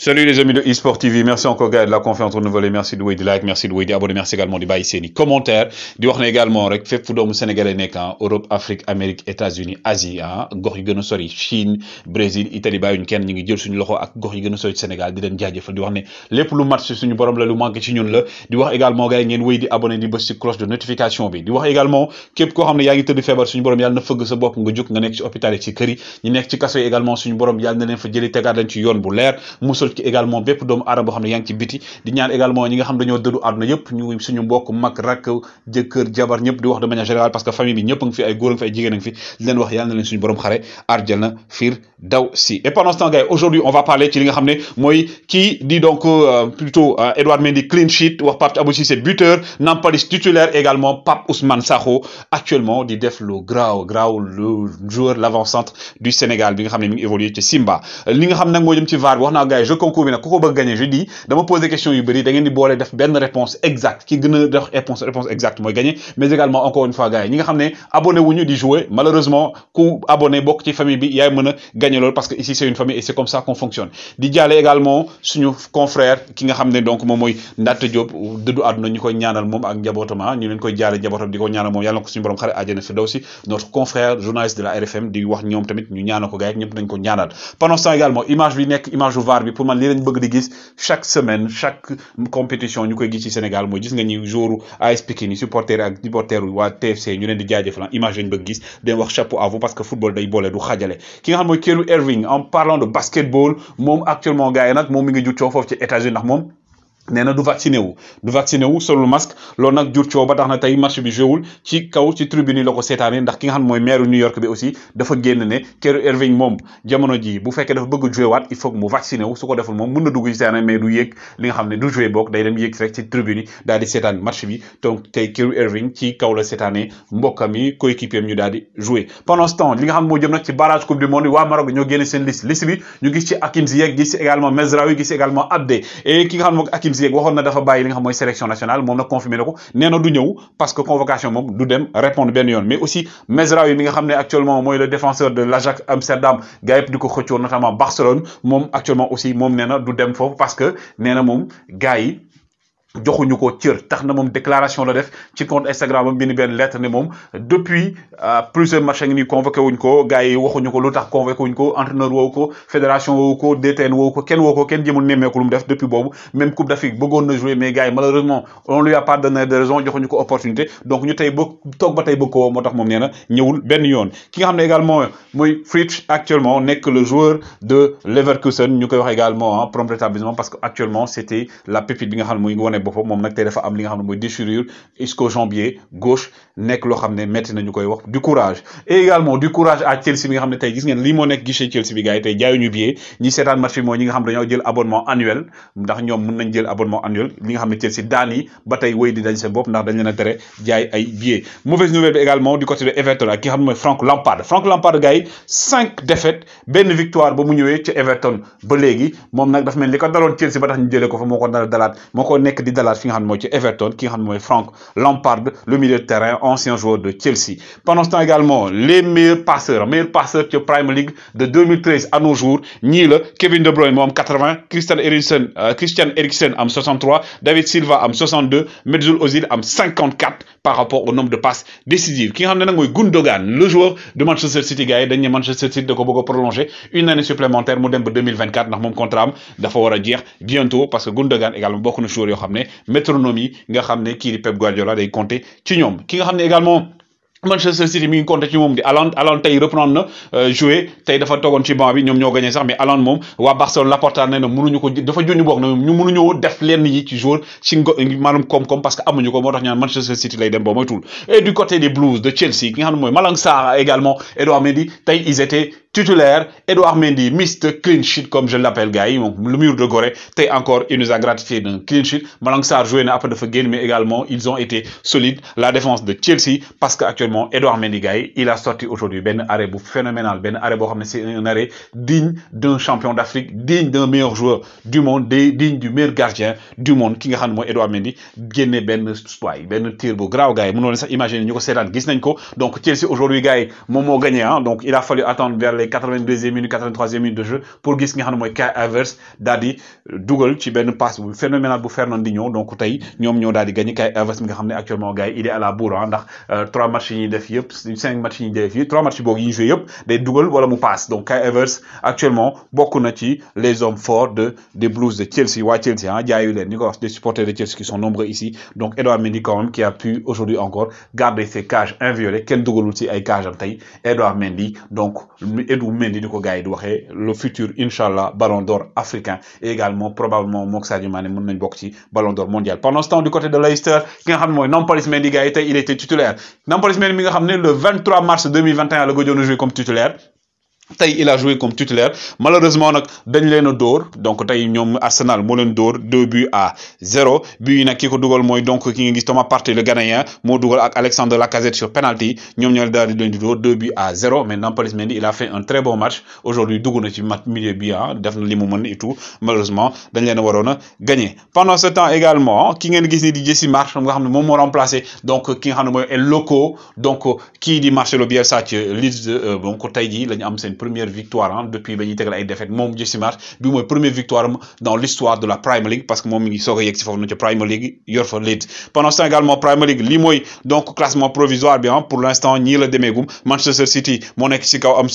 Salut les amis de eSport TV merci encore gars de la confiance renouvelée merci de vous di like merci de vous di merci également di bàyyi seen commentaire di wax également rek fep fu doomu sénégalais nekk ah, Europe Afrique Amérique États-Unis Asie ah gox yi gëna sori Chine Brésil Italie ba bàyyiwuñ kenn ñu ngi jël suñu loxo ak gox yi gëna a sori Sénégal di leen jaajëfal di wax ne lépp lu match suñu borom la lu manqué ci ñun la di wax également gars yi ngeen wéy di abonné di bës ci cloche de notification bi di wax également képp ko xamné ne yaa ngi tëdd feebar suñu borom yalla na feug sa bop nga juk nga nekk ci hôpital ci kër yi ñu nekk ci kaso également suñu borom yalla na leen fa jëli tegaat leen ci yoon bu leer musal musal également bépp doomu aadama boo xam ne yaa ci biti di ñaan également ñi nga xam dañoo dëddu aduna yépp ñu suñu mbokk mak rak jëkkër jabar ñëpp di wax de manière générale parce que famille bi ñëpp ngi fi ay goor ngi fi ay jigéen ngi fi di leen wax yàlla na leen suñu borom xare arjana fir daw si et pendant ce temps gars aujourd'hui on va parler ci li nga xam moy ki di donc euh, plutôt euh, Edouard Mendy clean sheet wax pap Abou Cissé buteur Nampalys titulaire également pap Ousmane Sakho actuellement di def lo graw graw le joueur l'avant-centre du Sénégal bi nga xam mi ngi évolué ci Simba li nga xam nag moo jëm ci VAR wax na gars yi concours bi nag ku ko bëgg gagner je dis dama poser question yu bëri da ngeen di bolé def ben réponse exacte ki gëna def réponse réponse exacte moy gagner mais également encore une fois gars yi ñi nga xamné abonné wuñu di jouer malheureusement ku abonné bok ci famille bi yaay mëna a lool parce que ici c'est une famille et c'est comme ça qu'on fonctionne di jalé également suñu confrère ki nga xamné donc mom moy Ndatte Diop dëddu àdduna ñu koy ñaanal mom ak njabootam ah, ñu leen koy jalé njabootam diko ñaanal mom yalla na ko suñu borom xare àjjana fi dawsi notre confrère journaliste de la RFM di wax ñom tamit ñu ñaanako ko gars yi ñëpp nañ ko ñaanal pendant ça également image bi nek image u VAR bi pour man li lañ bëgg di gis chaque semaine chaque compétition ñu koy gis ci Sénégal mooy gis nga ñi jour AS Pikine yi supporter ak supporter wa TFC ñu leen di jaajëfal image lañ bëgg gis dem wax chapeau à vous parce que football day boole du xaajale ki nga xam mooy Kyrie Irving en parlant de basketball moom actuellement gars yi nag moom mi ngi jut foofu ci États-Unis ndax moom néna du vacciné wu du vacciné wu solo masque lool nak jur coow ba tax na tey match bi joué ci kaw ci tribune lako sétane ndax ki nga xam moy maire New York bi aussi dafa génné ne Kyrie Irving mom jamono ji bu féké dafa bëgg jouer wat il faut mu vacciné wu suko ko deful moom mën dugg ci terrain mais du yéeg li nga xamné du jouer bok day dem yéeg rek ci tribune yi daal di seetaan match bi donc tay Kyrie Irving ci kaw la sétane mbokam yi coéquipier am ñu daal di joué pendant ce temps li nga xam mo jëm nak ci barrage coupe du monde wa Maroc ñoo génné sen liste liste bi ñu gis ci Hakim Ziyech gis ci également Mezraoui gis également Abdé et ki nga xam mo Hakim yeeg waxon na dafa bàyyi li nga xam moy sélection nationale mom nag confirmé na ko nee du ñew parce que convocation mom du dem répondre ben yoon mais aussi Mesraoui mi nga xamné actuellement moy le défenseur de l'Ajax Amsterdam Gaël diko di notamment Barcelone mom actuellement aussi mom nee du dem fofu parce que nee mom gaay joxuñu ko cër tax na moom déclaration la def ci compte Instagram am bind benn lettre ne moom depuis euh, plusieurs matchs ngi nii convoqué wuñ ko gars yi waxuñu ko lu tax convoqué wuñ ko entraîneur woowu ko fédération woowu ko DTN woowu ko kenn woowu ko kenn jëmul nemmeeku lu mu def depuis boobu même Coupe d'Afrique bëggoon na jouer mais gars yi malheureusement on lui a pas donné de raison joxuñu ko opportunité donc ñu tey bëgg toog ba tey bëgg ko moo tax moom nee na ñëwul benn yoon ki nga xam ne également mooy Fritz actuellement nekk le joueur de Leverkusen ñu koy wax également hein, prompt rétablissement parce que actuellement c'était la pépite bi nga xam ne muy wone amee boppam moom nag tey dafa am li nga xam moy déchirure isco jambier gauche nek lo xam metti métti nañu koy wax du courage et également du courage à Chelsea bi nga xam tay gis ngeen li mo nek guichet Chelsea bi gay tay jaay ñu billet ñi sétane match bi mooy ñi nga xam dañu jël abonnement annuel ndax ñom mën nañ jël abonnement annuel li nga xam Chelsea daan ba tay way di dañ seen bop ndax dañ leen téré jaay ay billets mauvaise nouvelle bi également du côté de Everton ki nga moy Frank Lampard Frank Lampard gay 5 cinq défaites ben victoire ba mu ñëwé ci Everton ba légui mom nak dafa mel li ko Chelsea ba tax ñu jëlee ko fa moko dal dalaat moo ko di la fi Everton ki nga Frank Lampard le milieu de terrain ancien joueur de Chelsea pendant ce temps également les meilleurs passeurs meilleurs passeurs de prime League de 2013 à nos jours ñii Kevin De Bruyne 80 Christian Eriksen euh, Christian Eriksen 63 David Silva am 62 Medzul Ozil am 54 par rapport au nombre de passes décisives ki nga Gundogan le joueur de Manchester City gars yi Manchester City de ko prolonger une année supplémentaire mu dem 2024 dans mon contrat am dafa war bientôt parce que Gundogan également beaucoup de joueurs yoo métronomie, métronome yi nga xamné ki Pep Guardiola day compter ci ki nga également Manchester City mi ngi compté ci mom di Alan, Alan tay reprendre na euh, jouer tay dafa togon ci banc bi ñom ñoo gagné sax mais Alan mom wa Barcelone Laporta né na mënuñu ko dafa junni bokk na ñu mënuñu def lenn yi ci jour ci manum maanaam koom parce que amuñu ko motax ñaan Manchester City lay dem bo mooy tout et du côté des Blues de Chelsea ki nga xamne moy Malang Sarr également Edouard Mendy tay ils étaient titulaires Edouard Mendy Mr Clean Sheet comme je l'appelle gay donc le mur de Gorée tay encore il nous a gratifié d'un clean sheet Malang Sarr joué na après dafa génn mais également ils ont été solides la défense de Chelsea parce que actuellement Edouard Mendigay il a sorti aujourd'hui Ben arrêt bu phénoménal ben arrêt c'est un arrêt digne d'un champion d'Afrique digne d'un meilleur joueur du monde digne du meilleur gardien du monde qui nga Edouard Mendy génne ben spy ben tir bu graw gay imaginez mënoo sax imaginer ñuko sétane, gis nañ ko donc Chelsea aujourd'hui gars yi gagné hein. donc il a fallu attendre vers les 82e minutes 83e minute de jeu pour gis nga xam moy Kai Havertz daal di ci passe bu phénoménal bu Fernandinho donc tay ñom ñoo daal di gagné Kai Havertz nga xam actuellement gars il est à la bourre hein. ndax euh, trois matchs de def yëpp cinq match yi def trois match yi ñu joué yëpp day passe donc Kai Evers actuellement beaucoup na ci les hommes forts de des Blues de Chelsea waa Chelsea ah jaayu leen wax des supporters de Chelsea qui sont nombreux ici donc Edouard Mendy quand même qui a pu aujourd'hui encore garder ses cages inviolées kenn dugalul ci ay cages am Edouard Mendy donc Edou Mendy ni ko le futur inshallah ballon d'or africain et également probablement Mok Sadio Mané nañ ballon d'or mondial pendant ce temps du côté de Leicester ki nga xam ne mooy police Mendy gars il était titulaire Nampalys Mendy le 23 mars 2021 la ko nous a comme titulaire tay il a joué comme titulaire malheureusement nak dañ leen door donc tay ñom Arsenal mo leen door 2 buts à 0 but nak nag ki ko Dugol donc ki nga gis Thomas Partey le Ghanéen mo Dugol ak Alexandre Lacazette sur penalty ñom ñal daal di leen di buts à 0 mais Paris Mendy il a fait un très bon match aujourd'hui dugg na ci match milieu bi ah, def na limu mën et tout malheureusement dañ leen a gagner pendant ce temps également ki ngeen gis ni di Jesse Marsch nga xam ne mo moo donc ki nga xamne moy El Loco donc ki di Marcelo Bielsa ci Leeds donc euh, tey jii la ñu am première victoire depuis ba ñuy ay défaite mom Jesse bi première victoire dans l'histoire de la Prime League parce que mom mi ngi soog yexi fofu prime League yor fa lead. pendant ce temps également prime League Limoy moy donc classement provisoire bien pour l'instant ñi la demeegum Manchester City Monaco, nek ci kaw am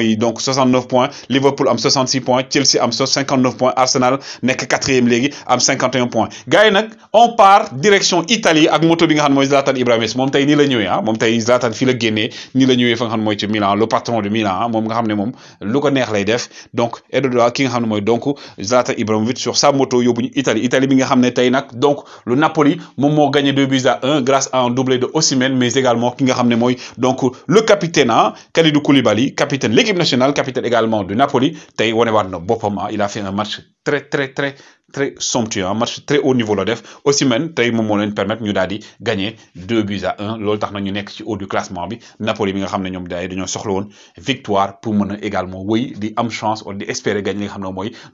li donc 69 points Liverpool am 66 points Chelsea am 59 points Arsenal 4 quatrième Ligue, am 51 points gars on part direction Italie ak moto bi nga xam moy Zlatan ibrahimovic mom tay suis la ñëwé hein mom tay Zlatan fi la génnee ni la ñëwé fa xam moy ci Milan le patron de Milan le mom lu ko neex lay def donc et de ki nga xam moy donc Zlatan Ibrahimovic sur sa moto yobuñu Italie Italie bi nga tainak tay nak donc lu Napoli mom mo gagné 2 buts à un grâce à un doublé de Osimhen mais également ki nga xam donc le capitaine hein, Kalidou Koulibaly capitaine l'équipe nationale capitaine également du Napoli tay woné na hein, il a fait un match très très très très somptueux un hein. match très haut niveau de def aussi même moom moo permettre ñu daal de gagner 2 buts à 1. L'autre, tax na ñu nekk haut du classement Napoléon Napoli bi nga xam ne ñoom daay dañoo victoire pour a également la chance on di espérer gagner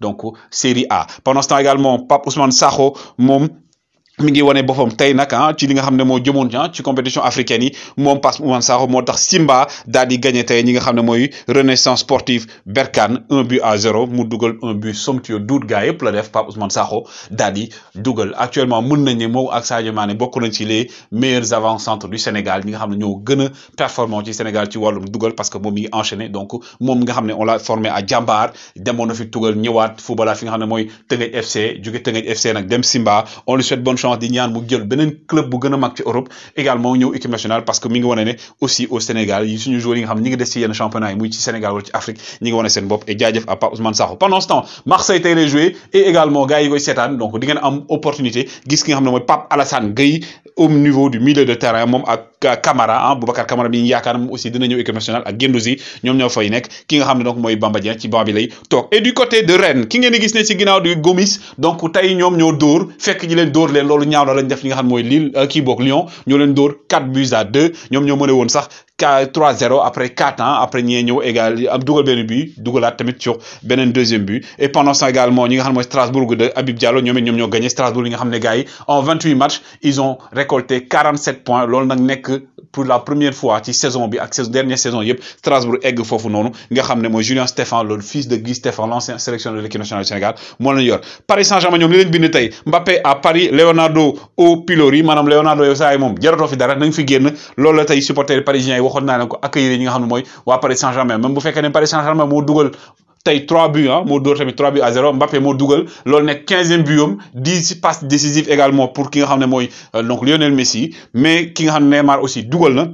donc Série A pendant ce temps également Pape Ousmane Sacho, mon mi ngi wane boppam tey nag ah ci li nga xam mo jëmon ci ah, ci compétition africaine yi mom Pape Ousmane Sakho moo tax Simba dal di gagner tay ñi nga xam moy renaissance sportive Berkan un but à zéro mu duggal un but somptueux duut gaa yëpp la def Pape Ousmane Sakho dal di duggal actuellement mën nañ mo moom ak Sadio Mané bokku nañ ci les meilleurs avant centre du Sénégal ñi nga xam ñoo gëna performant ci Sénégal ci walum duggal parce que moom mi ngi enchaîné donc mom nga xam on l'a formé à Jambar demono na fi tuggal ñëwaat football fi nga xam moy mooy FC jugé Teungueth FC nak dem Simba on lui souhaite bonne Deschamps di ñaan mu jël benen club bu gëna mag ci Europe également ñëw équipe nationale parce que mi ngi wone né aussi au Sénégal yi suñu joueur yi nga xam ne ñi ngi des ci yenn championnat yi muy ci Sénégal wala ci Afrique ñi ngi wone seen bop et jaajeuf à Ousmane Sakho pendant ce temps Marseille tay lay jouer et également gars yi koy sétane donc di ngeen am opportunité gis ki nga xam né moy Pape Alassane Gueye au niveau du milieu de terrain mom ak Euh, Camara ah Boubacar Camara bi ñu yaakaar moom aussi dina ñëw équipe nationale a Guendouzi ñoom ñoo fay nekk ki nga xam ne donc mooy Bamba Dieng ci banc lay toog et du côté de Rennes ki ngeen gis ne si ginnaaw Gomis donc tey ñoom ñoo dóor fekk ñi leen dóor leen loolu ñaaw na def li nga xam mooy Lille euh, Lyon ñoo leen dóor 4 buts à 2 ñoom ñoo mëne woon sax 3-0 après 4 ans après ñeñu égal am dugal benn but dugalaat tamit deuxième but et pendant ça également ñi nga Strasbourg de Habib Diallo ñom ñom ñoo gagné Strasbourg nga en 28 matchs ils ont récolté 47 points lool nak nekk pour la première fois ci saison bi ak dernière saison Strasbourg egg le nonu nga xam Julian Julien Stéphane le fils de Guy Stéphane l'ancien sélectionneur de l'équipe nationale du Sénégal Paris Saint-Germain ñom li leen bind tay Mbappé à Paris Leonardo au pilori manam Leonardo yow saa mom jarato fi dara nañ fi génn lool la tay supporters parisien naa accueillir ñi nga xam ne mooy waa Paris Saint-Germain même bu fekkee ne Paris Saint-Germain moo dugal tey 3 buts ah moo tamit 3 buts à 0 Mbappé moo dugal loolu nekk 15e but 10 passes décisives également pour ki nga xam ne euh, donc Lionel Messi mais ki nga xam Neymar aussi dugal na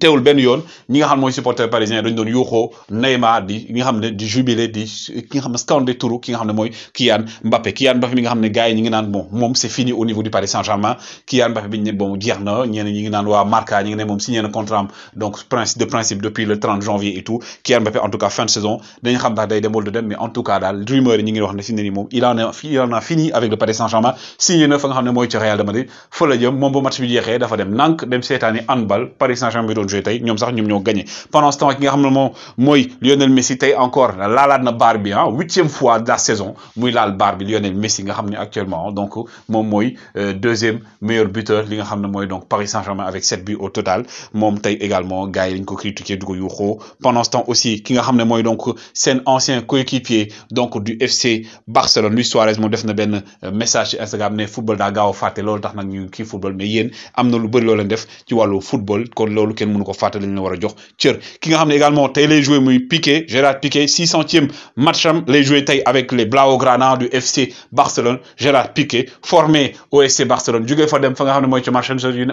téwul ben yoon ñi nga xam mooy supporter parisien dañu doon yuuxoo Neymar di ñi nga xam ne di jubilé di ki nga xam ne scandé turu ki nga xam ne mooy Kylian Mbappé Kylian Mbappé mi nga xam ne gars yi ñi ngi naan bon moom c'est fini au niveau du Paris Saint-Germain Kylian Mbappé bi ne bon jeex na ñeen ñi ngi naan waa Marca ñi ngi ne moom signé na contrat am donc principe de principe depuis le 30 janvier et tout Kylian Mbappé en tout cas fin de saison dañu xam ndax day dem wala du dem mais en tout cas daal rumeur yi ñi ngi wax ne fi ni moom il en a il en a fini avec le Paris Saint-Germain signé na fa nga xam ne mooy ci Real de Madrid fa la jëm moom bu match bi jeexee dafa dem nànk dem seetaani handball Paris Saint-Germain doon joué tey ñoom sax ñom ñoo gagné pendant ce temps ki nga xam moy Lionel Messi tay encore la na baar bi 8 ah, huitième fois de la saison muy laal baar bi Lionel Messi nga xam actuellement donc moom mooy euh, deuxième meilleur buteur li nga xamne moy donc Paris Saint-Germain avec sept buts au total mom tay également gars yi ko critiquer du ko yuuxoo pendant ce temps aussi ki nga xamne moy donc sen ancien coéquipier donc du FC Barcelone Luis Suarez mo def na ben message Instagram né football da gaaw faté fàtte tax nak ñu ki football mais yeen amna lu bari loo def ci walu football kon loolu kenn mënu ko fàtte ñu la war a jox cër ki nga xam également tey lay joué muy Piqué Gérard Piqué six centième matcham les joueurs joué avec les Blaugrana du FC Barcelone Gérard Piqué formé au FC Barcelone jógee fa dem fa nga xam ne mooy ci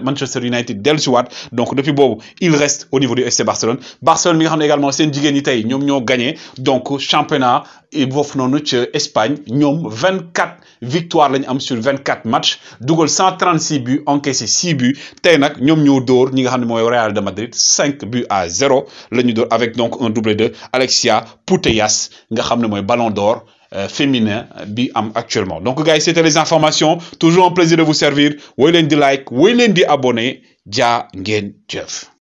Manchester United dellusiwaat donc depuis boobu il reste au niveau du FC Barcelone Barcelone mi nga xam également seen jigéen yi tey ñoom ñoo gagné donc championnat vont finir falloir Espagne, nous 24 victoires sur 24 matchs, dougal 136 buts encaissé 6 buts, tay nak ñom ñi nga Real de Madrid 5 buts à 0 lañu avec donc un double de Alexia Putellas nga xamné moy ballon d'or euh, féminin actuellement. Donc c'était les informations, toujours un plaisir de vous servir. Wayne di like, wayne di abonner, ja ngeen chef